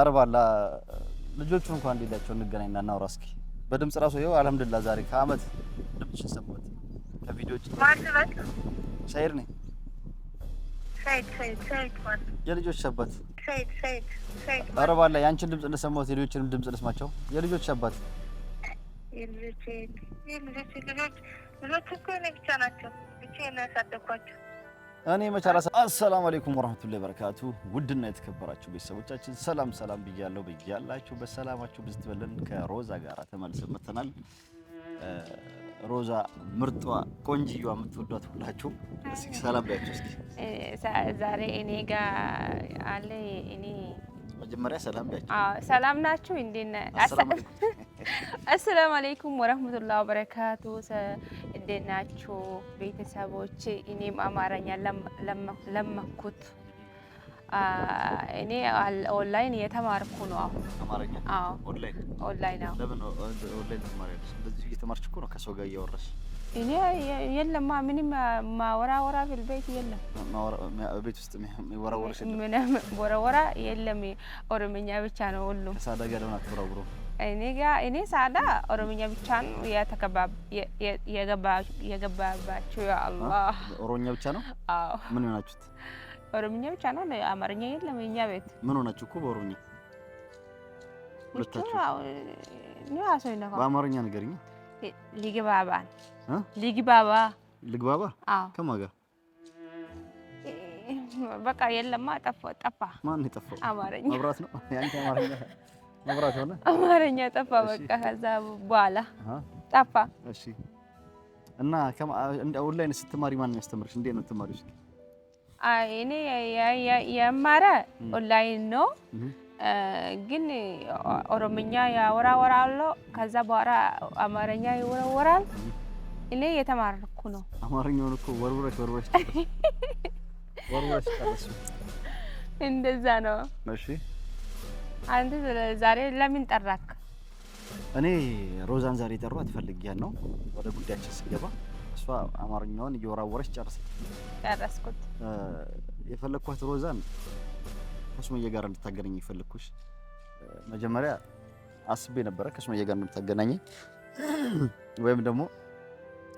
አርባላ ልጆቹ እንኳን እንዴላቸው እንገናኝና እናውራ እስኪ በድምጽ ራሱ ይኸው አልሐምዱሊላህ ዛሬ ከአመት ድምፅሽን ሰማሁት። ከቪዲዮች ሰይድ ነኝ። የልጆች አባት አረባላ የአንችን ድምፅ እንደሰማሁት የልጆችንም ድምፅ ልስማቸው። የልጆች አባት ልጆች ልጆች ልጆች እኮ እኔ ብቻ ናቸው ብቻ ያሳደኳቸው እኔ መቻራ አሰላሙ አለይኩም ወራህመቱላሂ ወበረካቱ። ውድና የተከበራችሁ ቤተሰቦቻችን ሰላም ሰላም ብያለሁ። ብያላችሁ በሰላማችሁ ብዙ ትበልን። ከሮዛ ጋር ተመልሰን መጥተናል። ሮዛ ምርጧ ቆንጅዬዋ የምትወዷት ሁላችሁ እስኪ ሰላም ብያችሁ እስኪ ዛሬ እኔ ጋር አለ እኔ መጀመሪያ ሰላም ብያችሁ። አዎ ሰላም ናችሁ እንዴ? አሰላሙ አለይኩም ወራህመቱላሂ ወበረካቱ እንዴት ናችሁ ቤተሰቦች? እኔም አማርኛ ለመኩት። እኔ ኦንላይን እየተማርኩ ነው። ኦንላይን እየተማርሽ ነው ከሰው ጋር እያወራሽ እኔ የለም ምንም ማወራወራ ፊልቤት የለም። ቤት ውስጥ የለም። ኦሮምኛ ብቻ ነው ሁሉም እኔ ጋ እኔ ሳዳ ኦሮምኛ ብቻ ነው የገባባቸው። አላህ ኦሮምኛ ብቻ ነው። ምን ሆናችሁት? ኦሮምኛ ብቻ ነው። አማርኛ የለም የኛ ቤት። ምን ሆናችሁ እኮ በኦሮምኛ በአማርኛ ንገሪኝ። ሊግባባን ሊግባባ ልግባባ ከማን ጋር በቃ የለማ ጠፋ። ማን የጠፋው? አማርኛ መብራት ነው የአንቺ አማርኛ መብራት ሆነ። አማርኛ ጠፋ። በቃ ከዛ በኋላ ጠፋ። እሺ። እና ኦንላይን ስትማሪ ማን ያስተምርሽ? እንዴት ነው የምትማሪው? አይ እኔ የማረ ኦንላይን ነው ግን ኦሮምኛ ያወራ ከዛ በኋላ አማርኛ ይወረወራል። እኔ የተማርኩ ነው። አማርኛውን እኮ ወርውረሽ ወርውረሽ ወርውረሽ እንደዛ ነው። እሺ አንተ ዛሬ ለምን ጠራክ? እኔ ሮዛን ዛሬ ጠሯት ፈልጊያት ነው። ወደ ጉዳያችን ስገባ እሷ አማርኛውን እየወራወረች ጨርስ ጨረስኩት። የፈለግኳት ሮዛን ከሱመያ ጋር እንድታገናኝ የፈለግኩሽ መጀመሪያ አስቤ ነበረ ከሱመያ ጋር እንደምታገናኘኝ ወይም ደግሞ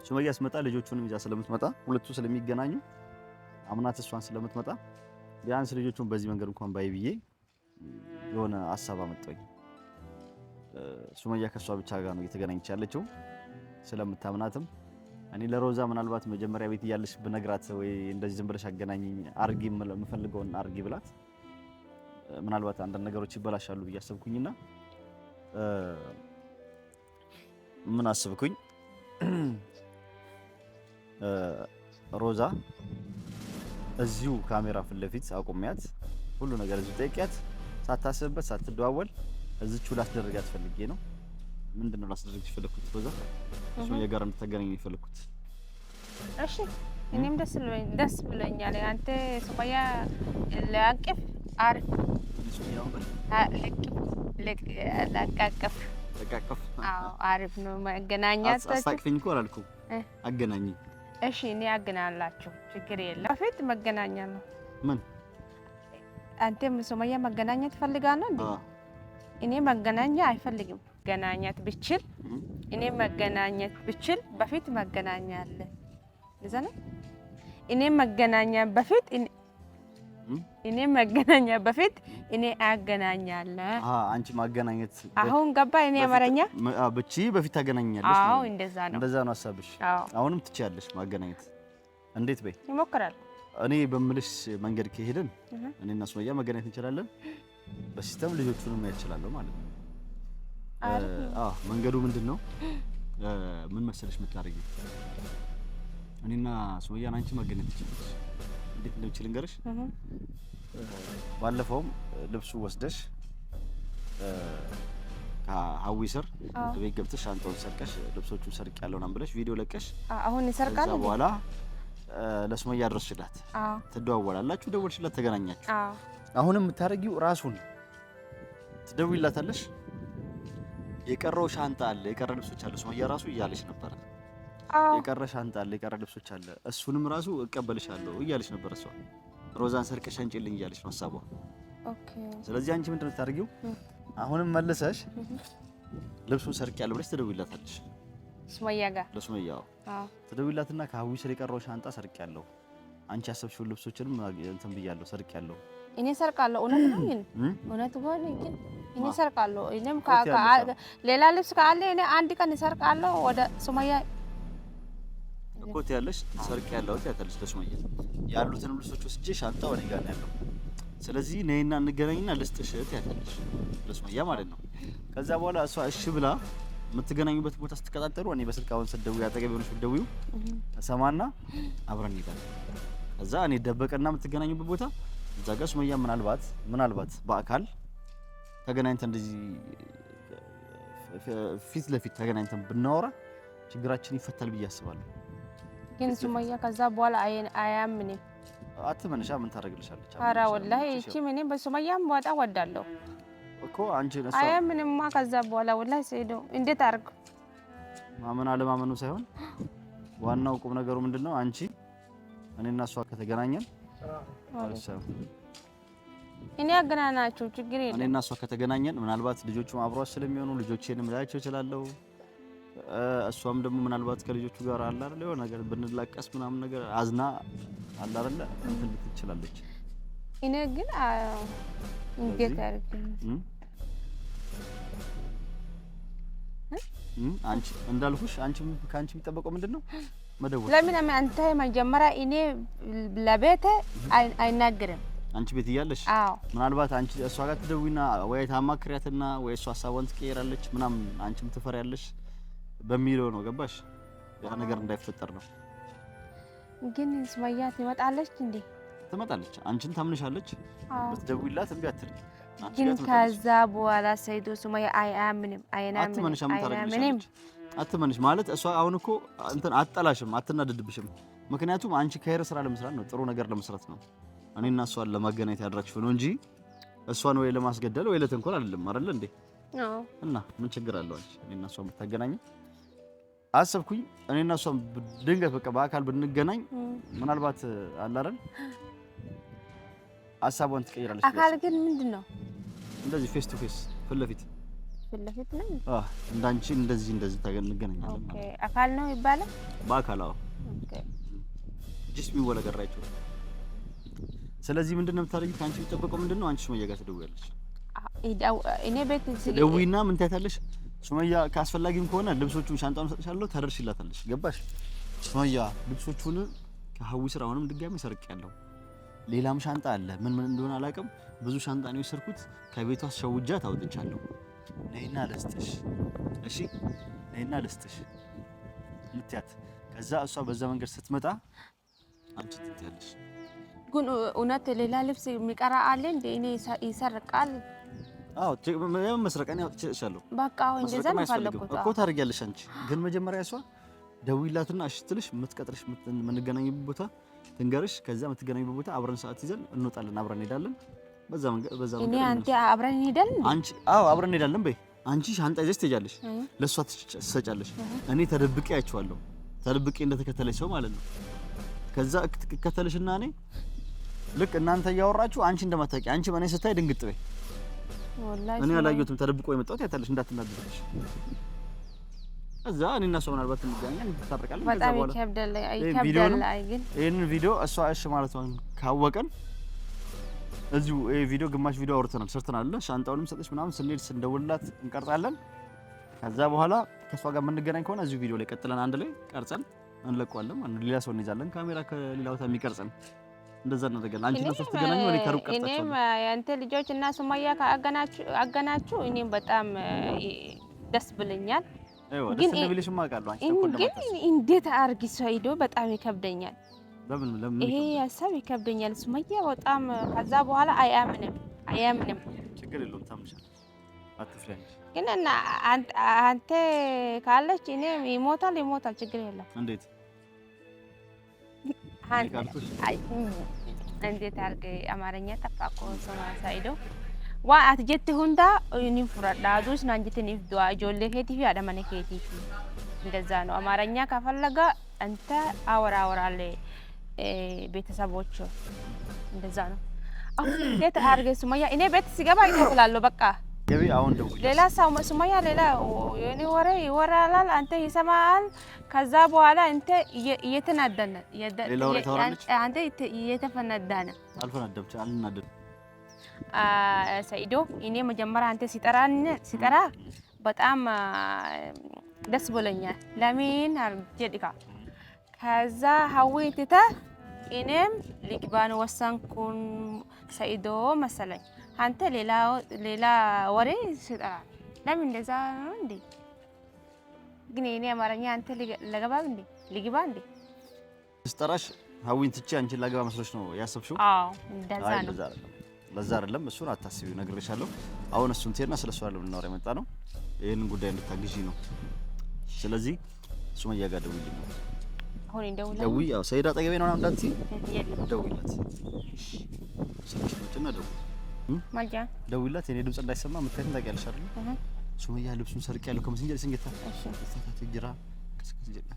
ሱመያ ስመጣ ልጆቹንም ይዛ ስለምትመጣ ሁለቱ ስለሚገናኙ አምናት እሷን ስለምትመጣ ቢያንስ ልጆቹን በዚህ መንገድ እንኳን ባይ ብዬ የሆነ ሀሳብ አመጣኝ። ሱመያ ከሷ ብቻ ጋር ነው እየተገናኘች ያለችው ስለምታምናትም እኔ ለሮዛ ምናልባት መጀመሪያ ቤት እያለች ብነግራት ወይ እንደዚህ ዝም ብለሽ አገናኘኝ አርጊ የምፈልገውን አርጊ ብላት ምናልባት አንዳንድ ነገሮች ይበላሻሉ ብዬ አሰብኩኝና ምን አስብኩኝ ሮዛ እዚሁ ካሜራ ፊት ለፊት አቁሚያት ሁሉ ነገር እዚሁ ጠይቂያት ሳታስብበት ሳትደዋወል እዚቹ ላስደረግ ፈልጌ ነው። ምንድን ነው ላስደረግ የፈለኩት በዛ እሱ የጋር እንድታገናኝ የፈለኩት። እሺ እኔም ደስ ብሎኝ ደስ ብሎኛል። አንተ ሱማያ ለአቅፍ አሪፍ ለቃቀፍ ለቃቀፍ አሪፍ ነው መገናኛት። አሳቅፈኝ እኮ አላልኩም፣ አገናኝ። እሺ እኔ አገናላችሁ ችግር የለም። በፊት መገናኛ ነው ምን አንተም ሱመያ መገናኘት ፈልጋለሁ እንዴ? እኔ መገናኛ አይፈልግም። መገናኘት ብችል እኔ መገናኘት ብችል በፊት መገናኛ አለ ዘና እኔ መገናኛ በፊት እኔ መገናኛ በፊት እኔ አገናኛለሁ። አንቺ ማገናኘት አሁን ገባ። እኔ አማርኛ ብቻ በፊት ታገናኛለሽ። አዎ እንደዛ ነው፣ እንደዛ ነው ሀሳብሽ። አሁንም ትችያለሽ ማገናኘት። እንዴት በይ ይሞክራል እኔ በምልሽ መንገድ ከሄድን እኔ እና ሱመያ መገናኘት እንችላለን። በሲስተም ልጆቹንም ማየት እችላለሁ ማለት ነው። አዎ መንገዱ ምንድን ነው? ምን መሰለሽ የምታደርጊው እኔና ሱመያን አንቺ መገናኘት ትችላለሽ። እንዴት እንደምችል ልንገርሽ። ባለፈውም ልብሱ ወስደሽ ሀዊ ስር ቤት ገብተሽ ሻንጣውን ሰርቀሽ ልብሶቹን ሰርቅ ያለውናም ብለሽ ቪዲዮ ለቀሽ አሁን ይሰርቃል በኋላ ለሱመያ አድረስሽላት። አዎ ትደዋወላላችሁ፣ ደወልሽላት፣ ተገናኛችሁ። አዎ አሁንም የምታደርጊው ራሱን ትደውይላታለሽ። የቀረው ሻንጣ አለ፣ የቀረ ልብሶች አለ፣ ሱመያ ራሱ እያለሽ ነበረ። የቀረ ሻንጣ አለ፣ የቀረ ልብሶች አለ፣ እሱንም ራሱ እቀበልሻለሁ እያለሽ ነበረ። እሷ ሮዛን ሰርቀሽ አንጪልኝ እያለሽ ነው ሀሳቧ። ኦኬ ስለዚህ አንቺ ምንድን ነው የምታደርጊው? አሁንም መልሰሽ ልብሱን ሰርቄያለሁ ብለሽ ትደውይላታለሽ። ሱመያ ጋር ለሱመያ ትደውላትና ከሀዊ ስር የቀረው ሻንጣ ሰርቅ ያለው አንቺ ያሰብሽውን ልብሶችንም እንትን ብያለሁ ሰርቅ ያለው እኔ ሰርቃለሁ። እውነት ነው ግን እውነት ሆነ ግን እኔ ሰርቃለሁ። እኔም ሌላ ልብስ ካለ እኔ አንድ ቀን ሰርቃለሁ። ወደ ሱመያ እኮ ትያለሽ ሰርቅ ያለው ትያታለሽ ለሱመያ ያሉትን ልብሶች ወስጄ ሻንጣ ወደ ጋር ያለው ስለዚህ ነይና እንገናኝና ልስጥሽ ትያታለሽ ለሱመያ ማለት ነው። ከዛ በኋላ እሷ እሺ ብላ የምትገናኙበት ቦታ ስትቀጣጠሩ እኔ በስልክ አሁን ስትደውይ አጠገብ የሆነች ብትደውዩ ሰማና አብረን እንሄዳለን። እዛ እኔ ደበቀና የምትገናኙበት ቦታ እዛ ጋር ሱመያ ምናልባት ምናልባት በአካል ተገናኝተን እንደዚህ ፊት ለፊት ተገናኝተን ብናወራ ችግራችን ይፈታል ብዬ አስባለሁ። ግን ሱመያ ከዛ በኋላ አያምንም። አትመንሻ ምን ታደርግልሻለች? ኧረ ወላሂ እቺ ምን በሱመያም ወጣ ወዳለሁ እኮ አንቺ ለሷ አይ ምንማ ከዛ በኋላ ወላሂ ሰይዶ እንዴት አርግ ማመን አለማመኑ ሳይሆን ዋናው ቁም ነገሩ ምንድን ነው? አንቺ እኔና እሷ ከተገናኘን እኔ አገናናቸው ችግር የለም። እኔና እሷ ከተገናኘን ምናልባት ልጆቹም አብሯት ስለሚሆኑ ልጆቼንም ላያቸው እችላለሁ። እሷም ደግሞ ምናልባት ከልጆቹ ጋር አለ አይደል የሆነ ነገር ብንላቀስ ምናምን ነገር አዝና አለ አይደል ትችላለች። እኔ ግን እንዴት አድርግ አንቺ እንዳልኩሽ አንቺ ከአንቺ የሚጠበቀው ምንድን ነው? መደወል። ለምን አንተ መጀመሪያ እኔ ለቤተ አይናገርም አንቺ ቤት እያለሽ ምናልባት አንቺ እሷ ጋር ትደውይና ወይ ታማክሪያትና ወይ እሷ ሀሳቧን ትቀይራለች ምናምን አንቺም ትፈሪያለሽ በሚለው ነው። ገባሽ? ያ ነገር እንዳይፈጠር ነው። ግን ሱመያ ትመጣለች እንዴ? ትመጣለች። አንቺን ታምንሻለች። ብትደውይላት እምቢ አትልም። ግን ከዛ በኋላ ሰይዶ ሱማያ አያምንም አያምንም አትመንሽ ማለት እሷ አሁን እኮ እንትን አትጠላሽም፣ አትናደድብሽም። ምክንያቱም አንቺ ከሄረ ስራ ለመስራት ነው፣ ጥሩ ነገር ለመስራት ነው። እኔና እሷን ለማገናኘት ያደረግሽው ነው እንጂ እሷን ወይ ለማስገደል ወይ ለተንኮል አይደለም። አይደል እንዴ? እና ምን ችግር አለው አንቺ እኔና እሷን ብታገናኝ? አሰብኩኝ እኔና እሷን ድንገት በቃ በአካል ብንገናኝ ምናልባት አላረን ሀሳቧን ትቀይራለች። አካል ግን ምንድን ነው እንደዚህ ፌስ ቱ ፌስ ፊት ለፊት ፊት ለፊት ላይ አህ እንዳንቺ እንደዚህ እንደዚህ እንገናኛለን። ኦኬ፣ አካል ነው ይባላል። በአካል አዎ። ኦኬ፣ ወለ ወለገራችሁ። ስለዚህ ምንድነው የምታደርጊው? ከአንቺ የሚጠበቀው ምንድነው? አንቺ ሱመያ ጋር ትደውያለሽ። እኔ ቤት ደውይና ምን ታያታለሽ? ሱመያ ካስፈላጊም ከሆነ ልብሶቹን ሻንጣውን ሰጥሻለሁ፣ ተደርሽላታለሽ። ገባሽ? ሱመያ ልብሶቹን ከሀዊ ስራ አሁንም ድጋሚ ሰርቄያለሁ ሌላም ሻንጣ አለ። ምን ምን እንደሆነ አላውቅም። ብዙ ሻንጣ ነው የወሰድኩት። ከቤቷ አስሸውጃት አውጥቻለሁ። ነይና ልስጥሽ፣ እሺ ነይና ልስጥሽ ልትያት። ከዛ እሷ በዛ መንገድ ስትመጣ አንቺ ትትያለሽ። ግን እውነት ሌላ ልብስ የሚቀራ አለ እንደ እኔ ይሰርቃል። አዎ ምን መስረቅ ነው አውጥቼሻለሁ። በቃ እንደዛ ነው ፈለኩት እኮ ታደርጊያለሽ አንቺ። ግን መጀመሪያ እሷ ደውይላትና እሺ ትልሽ የምትቀጥርሽ የምንገናኝበት ቦታ ትንገርሽ። ከዛ የምትገናኙበት ቦታ አብረን ሰዓት ይዘን እንወጣለን፣ አብረን እንሄዳለን። በዛ መንገድ በዛ መንገድ አንቺ አብረን እንሄዳለን። አንቺ አዎ፣ አብረን እንሄዳለን በይ። አንቺ ሻንጣ ይዘሽ ትሄጃለሽ፣ ለእሷ ትሰጫለሽ። እኔ ተደብቄ አያችኋለሁ፣ ተደብቄ እንደተከተለች ሰው ማለት ነው። ከዛ ትከተለሽና እኔ ልክ እናንተ እያወራችሁ አንቺ እንደማታውቂ አንቺ በእኔ ስታይ ድንግጥ በይ። እኔ አላየሁትም፣ ተደብቆ የመጣሁት ያታለሽ እንዳትናደድሽ እዛ እኔ እና እሷ ምናልባት እንገናኛለን፣ ታርቃለን። በጣም ይከብዳል። አይ ግን ይሄን ቪዲዮ እሷ እሺ ማለት ነው ካወቀን እዚሁ ይሄ ቪዲዮ ግማሽ ቪዲዮ አውርተናል፣ ሰርተናል። ሻንጣውንም ሰጠች ምናምን ስንሄድ ስንደውልላት እንቀርጻለን። ከዛ በኋላ ከእሷ ጋር የምንገናኝ ከሆነ እዚሁ ቪዲዮ ላይ ቀጥለን አንድ ላይ ቀርጸን እንለቀዋለን። ሌላ ሰው እንይዛለን፣ ካሜራ ከሌላ ቦታ የሚቀርጸን እንደዛ እናደርጋለን። አንቺ ነው ሶስት ገናኝ ወይ ከሩቅ ቀርጻለሁ። እኔም ያንተ ልጆች እና ሱማያ ካገናችሁ አገናችሁ እኔም በጣም ደስ ብለኛል። ግን እንዴት አርግ ሄዶ በጣም ይከብደኛል። ይሄ ሀሳብ ይከብደኛል። ሱመያ በጣም ከዛ በኋላ አያምንም አያምንም። ግን አንተ ካለች እኔ ይሞታል ይሞታል፣ ችግር የለም። እንዴት አርግ አማርኛ ጠፋ እኮ ሰው ሳይዶ Waan ati jetti hundaa ni fudhadha. Aduus naan jettiniif du'aa ijoollee keetii fi haadha mana keetiif. እንደዛ ነው። አማርኛ ከፈለገ አንተ አወራ አወራለ ቤተሰቦች እንደዛ ነው። አሁን ቤት አርገ ሱማያ እኔ ቤት ሲገባ ይከፍላለሁ። በቃ ገቢ አሁን ደውል። ሌላ ሰው ሱማያ ሌላ የኔ ወሬ ይወራላል፣ አንተ ይሰማል። ከዛ በኋላ አንተ እየተናደነ አንተ እየተፈነዳነ አልፈናደም አልናደም ሰኢዶ እኔ መጀመሪያ አንተ ሲጠራ በጣም ደስ ብሎኛል። ለምን ጀድካ ከዛ ሀዊን ትተህ እኔም ሊግባን ወሰንኩን። ሰኢዶ መሰለኝ አንተ ሌላ ወሬ ሲጠራ ለምን እንደዛ ነው እንዴ? ግን እኔ አማርኛ አንተ ለገባ እንዴ ልግባ እንዴ ስጠራሽ ሀዊን ትቼ አንቺን ላገባ መስሎች ነው ያሰብሽው? አዎ እንደዛ ነው። ለዛ አይደለም እሱን አታስቢ ነግሬሻለሁ። አሁን እሱን ትሄድና ስለ እሱ አይደለም ልናወራ የመጣ ነው። ይህንን ጉዳይ እንድታግዢ ነው። ስለዚህ እሱ ጋር ደውይልኝ ነው። ደውይ፣ ያው ሰይድ አጠገቤ ነው እንዳትዪ፣ ደውይላት። ስልክሽ ውጭና ደውይ፣ ደውይላት። የኔ ድምጽ እንዳይሰማ የምታይትን ታውቂያለሽ አይደል? ሱመያ ልብሱን ሰርቅ ያለው ከመስንጀር ስንጌታ ሳታት ጅራ ስንጀራ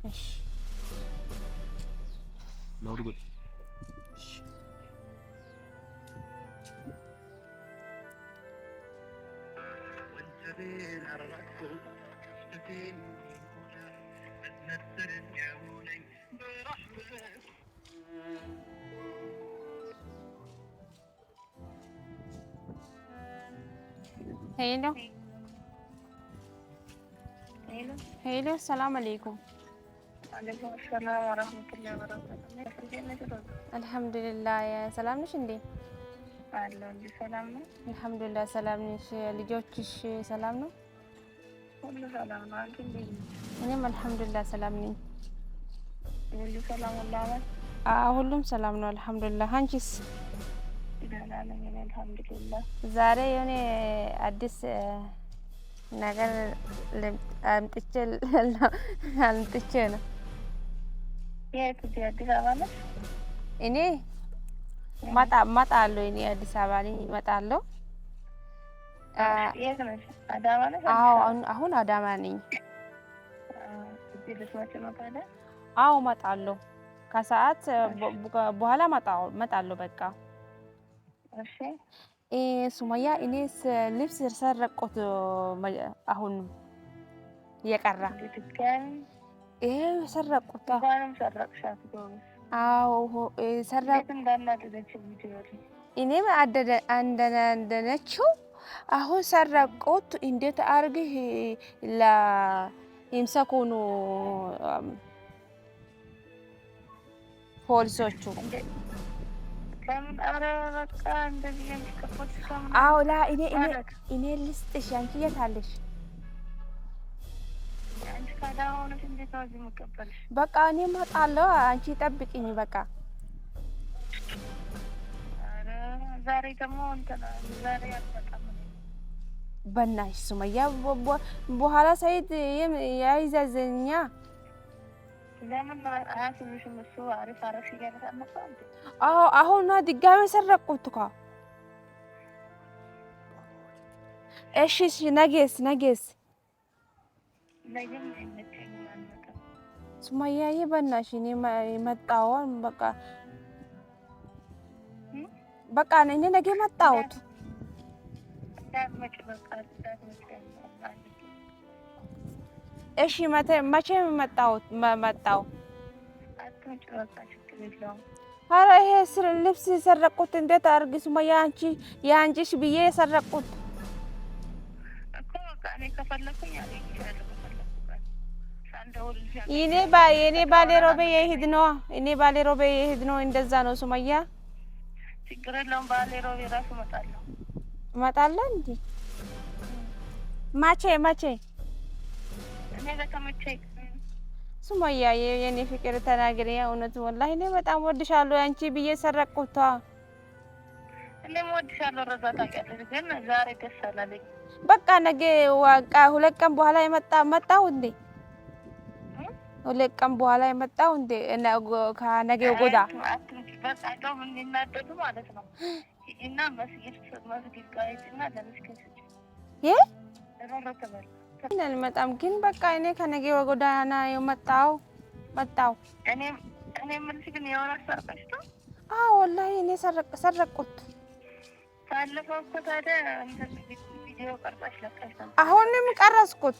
حسين على راسهم حسين اتنسل برحمتك هيلو هيلو هيلو السلام عليكم وعليكم السلام ورحمة الله وبركاته الحمد لله يا سلام شندي አለሁልሽ። ሰላም ነው? አልሐምዱሊላህ ሰላም ነሽ? ልጆችሽ ሰላም ነው? ሁሉ ሰላም ነው። አንቺ እንዴት ነሽ? እኔም አልሐምዱሊላህ ሰላም ነኝ። ሁሉ ሰላም ነው? አዎ ሁሉም ሰላም ነው አልሐምዱሊላህ። አንቺስ? ደህና ነኝ እኔ አልሐምዱሊላህ። ዛሬ የሆነ አዲስ ነገር አምጥቼ አምጥቼ ነው። የት? እዚህ አዲስ አበባ ነሽ? እኔ እመጣለሁ። እኔ አዲስ አበባ ነኝ፣ እመጣለሁ። አዎ አሁን አዳማ ነኝ። አዎ እመጣለሁ። ከሰዓት በኋላ እመጣለሁ። በቃ ሱማያ፣ እኔስ ልብስ ሰረቆት አሁን እየቀራ ይሄ ሰረቁት አዎ ሰራ እኔም እንደነችው አሁን ሰረቆት። እንዴት አርግህ ለይምሰኩኑ ፖሊሶቹ? አዎ ላ እኔ ልስጥሽ፣ አንቺ የት በቃ እኔ እመጣለሁ። አንቺ ጠብቂኝ። በቃ ዛሬ ደግሞ ዛሬ አልመጣም። ሱመያ፣ በኋላ ሰይድ ያይዘዝኛ። ለምን አዎ፣ አሁን ድጋሜ ሰረቁት እኮ። እሺ፣ እሺ፣ ነገስ ነገስ ላይም አይመቸኝ በእናትሽ እኔ የመጣሁት በቃ በቃ እኔ ነገ መጣሁት እሺ መቼ መጣሁት መጣሁ ኧረ ይሄ ልብስ የሰረቁት እንዴት አድርጊ ሱማያ አንቺ የአንቺሽ ብዬ የሰረቁት የኔ ባሌ ሮቤ የሂድ ነው። እኔ ባሌ ሮቤ የሂድ ነው። እንደዛ ነው ሱመያ። ችግር የለውም። ባሌ ሮቤ እራሱ እመጣለሁ እመጣለሁ። እንደ መቼ መቼ? ሱመያ፣ የኔ ፍቅር ተናግሪ እውነት። ወላሂ እኔ በጣም ወድሻለሁ። አንቺ ብዬ ሰረቅኩት። እኔም ወድሻለሁ። ረዛ ታውቂያለሽ። ግን ዛሬ ደስ አላለኝ። በቃ ነገ ዋቃ ሁለት ቀን በኋላ የመጣ መጣሁ እንዴ ሁለት ቀን በኋላ የመጣው እንዴ? ከነገ ጎዳ በጣም እንዲናደዱ ማለት ነው። እና መስጊድ መስጊድ ጋይትና አልመጣም ግን በቃ እኔ ከነገ ወጎዳና የመጣው መጣው እኔ እኔ ግን የሆነ ሰርቀሽ ነው? አዎ ወላሂ እኔ ሰረቁት ባለፈው እኮ ታዲያ ቪዲዮ ለቀሽ አሁንም ቀረስኩት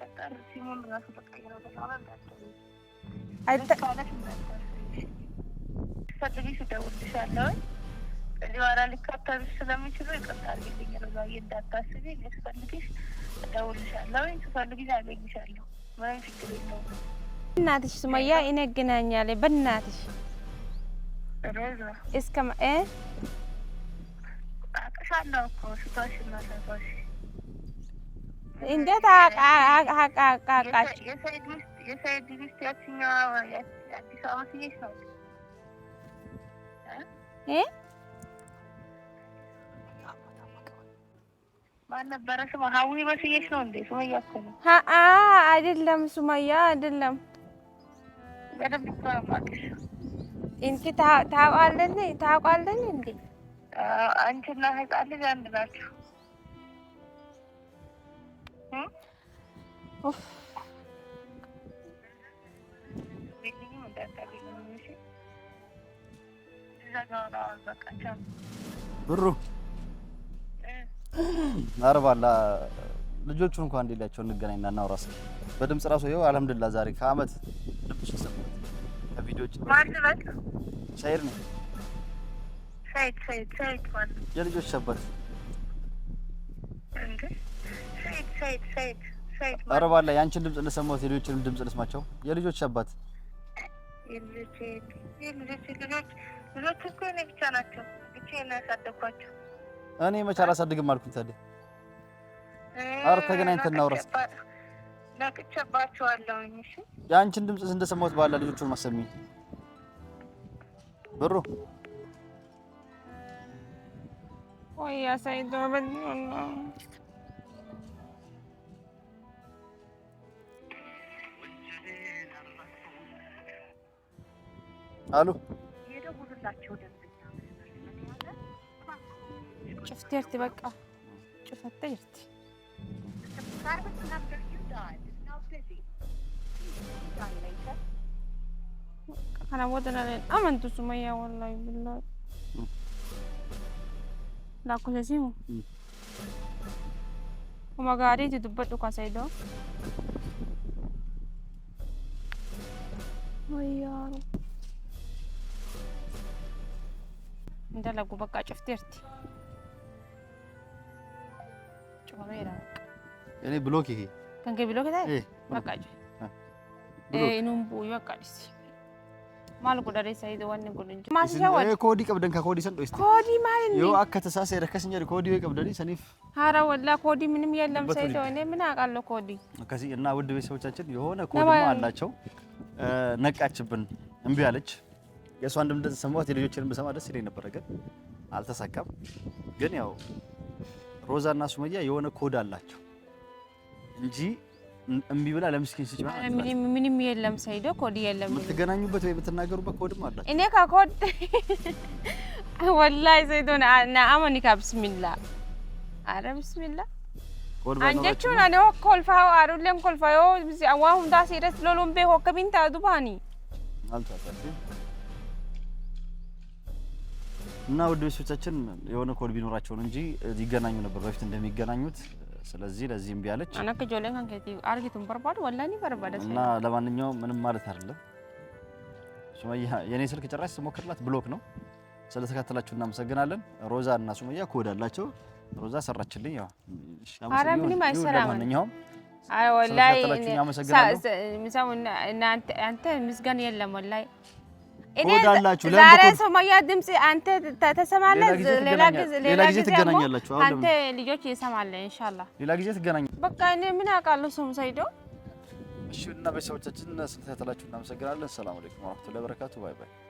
ሲፈጠር ሲሆን ራሱ ተቀይረ በኋላ እንዳትለኝ ስትፈልጊ ስደውልልሻለሁ። እዚህ በኋላ ሊካተሉሽ ስለሚችሉ ይቅርታ አድርጊልኝ ነው እንዳታስቢ። ስፈልጊሽ እደውልልሻለሁ፣ ስፈልጊ አገኝሻለሁ። ምንም ችግር የለውም። በእናትሽ ሱመያ ይነግናኛል። በእናትሽ እስከ አቅሻለሁ እኮ ስቷሽ እና እንዴት አቃቃቃቃችሁ? የሰይድ ሚስት ያችኛዋ አዲስ አበባ ትንሽ ነው እ አይደለም ሱመያ አይደለም። ታውቃለህ ታውቃለህ እንዴ? አንቺና ልጅ አንድ ናችሁ። ብሩ አርባላ ልጆቹ እንኳን እንደሌላቸው እንገናኝና እናውራ። እስኪ በድምጽ ራሱ ይኸው አልሐምዱሊላህ ዛሬ ከአመት ድምጽ ይሰማል። ሰይድ ነው የልጆች ኧረ ባላ የአንችን ድምፅ እንደሰማሁት የልጆችንም ድምፅ ልስማቸው። የልጆች አባት ልጆች እኮ እኔ ብቻ ናቸው፣ ብቻዬን ያሳደግኳቸው። እኔ መቼ አላሳድግም አልኩኝ። ታዲያ ኧረ ተገናኝተን እናውራ። ነቅቼባቸዋለሁኝ። የአንችን ድምፅ እንደሰማሁት ባላ ልጆቹን ማሰሚኝ ብሩ ወይ አሳይቶ በድሎ አሉ ጭፍቴርቲ በቃ ጭፈተ ይርቲ أنا ودنا لين أمنت سمية والله بالله لا كل شيء وما قاري تدبت وكاسيدو ويا رب እንደለጉ በቃ ጭፍቴርቲ ጮሮ ይራ እኔ ብሎክ ይሄ ከንገ ብሎክ ይታ በቃ ጭ ኤ ኑም ቡ ይበቃ ዲስ ማል ጉዳሬ ሳይደ ወን ጉድንጅ ማስሸወድ ኮዲ ቀብደን ከኮዲ ሰንዶ እስቲ ኮዲ ማይን ዮ አከ ተሳሰ ረከስኝ ደ ኮዲ ቀብደኒ ሰኒፍ ሀራ ወላ ኮዲ ምንም የለም ሳይደ እኔ ምን አውቃለሁ ኮዲ ከዚህ እና ውድ ቤተሰቦቻችን የሆነ ኮዲ አላቸው ነቃችብን እምቢ አለች የእሷን ድምፅ ሰማት የልጆችን ብሰማ ደስ ይለኝ ነበረ፣ ግን አልተሳካም። ግን ያው ሮዛ እና ሱመያ የሆነ ኮድ አላቸው እንጂ እምቢ ብላ ለምስኪን ስጭ ምንም የለም። ሰይዶ ኮድ የለም። የምትገናኙበት ወይ የምትናገሩበት ኮድም አላቸው። እኔ ከኮድ ወላሂ ሰይዶ ነአመኒ ካ ብስሚላ አረ ብስሚላ አንጀቹን አነ ኮልፋ አሩለም ኮልፋዮ ዋሁም ዳሴ ሎሎምቤ ሆከቢን ዱባኒ አልታሳፊ እና ውድ ቤተሰቦቻችን የሆነ ኮድ ቢኖራቸው ነው እንጂ ይገናኙ ነበር በፊት እንደሚገናኙት። ስለዚህ ለዚህ እምቢ አለች እና ለማንኛውም ምንም ማለት አይደለም። ሱመያ የኔ ስልክ ጭራሽ ስሞክርላት ብሎክ ነው። ስለተካተላችሁ እናመሰግናለን። ሮዛ እና ሱመያ ኮድ አላቸው። ሮዛ ሰራችልኝ። ያው ኧረ ምንም አይሰራም። ለማንኛውም አይ ወላይ ወላሂ እናንተ ምስጋና የለም ወላይ ዛሬ ሶማያ ድምፅ አንተ ተሰማለህ። ሌላ ጊዜ ትገናኛላችሁ። አንተ ልጆች ይሰማለህ ኢንሻአላህ። ሌላ ጊዜ ትገናኛላችሁ። በቃ እኔ ምን አውቃለሁ ሰው ሳይዶ። እሺ እና ቤተሰቦቻችን ስለተከታተላችሁ እናመሰግናለን። ሰላም አለይኩም ወራህመቱላሂ ወበረካቱ። ባይ ባይ።